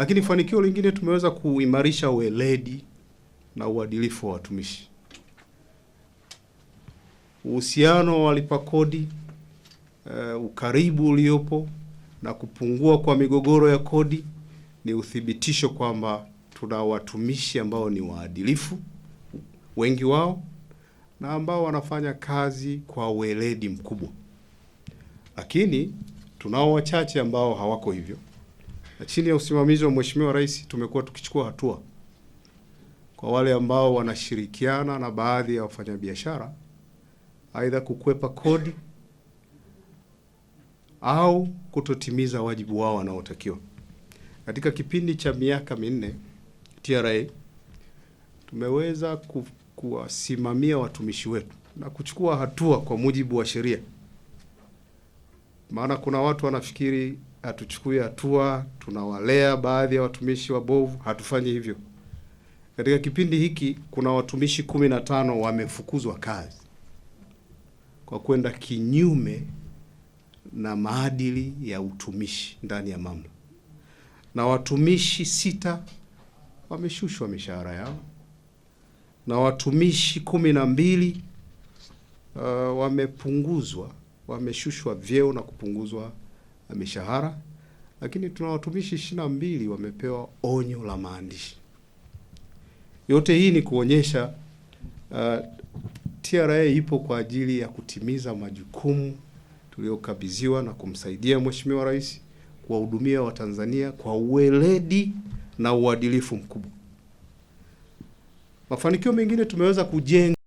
Lakini fanikio lingine tumeweza kuimarisha weledi na uadilifu wa watumishi, uhusiano wa walipa kodi uh, ukaribu uliopo na kupungua kwa migogoro ya kodi ni uthibitisho kwamba tuna watumishi ambao ni waadilifu wengi wao na ambao wanafanya kazi kwa weledi mkubwa, lakini tunao wachache ambao hawako hivyo chini ya usimamizi wa Mheshimiwa Rais tumekuwa tukichukua hatua kwa wale ambao wanashirikiana na baadhi ya wafanyabiashara, aidha kukwepa kodi au kutotimiza wajibu wao wanaotakiwa. Katika kipindi cha miaka minne, TRA tumeweza kuwasimamia watumishi wetu na kuchukua hatua kwa mujibu wa sheria maana kuna watu wanafikiri hatuchukui hatua, tunawalea baadhi ya watumishi wabovu. Hatufanyi hivyo. Katika kipindi hiki kuna watumishi kumi na tano wamefukuzwa kazi kwa kwenda kinyume na maadili ya utumishi ndani ya mamlaka, na watumishi sita wameshushwa mishahara yao na watumishi kumi na mbili uh, wamepunguzwa wameshushwa vyeo na kupunguzwa eh, mishahara, lakini tuna watumishi ishirini na mbili wamepewa onyo la maandishi. Yote hii ni kuonyesha uh, eh, TRA ipo kwa ajili ya kutimiza majukumu tuliyokabidhiwa na kumsaidia Mheshimiwa Rais kuwahudumia Watanzania kwa uweledi na uadilifu mkubwa. Mafanikio mengine tumeweza kujenga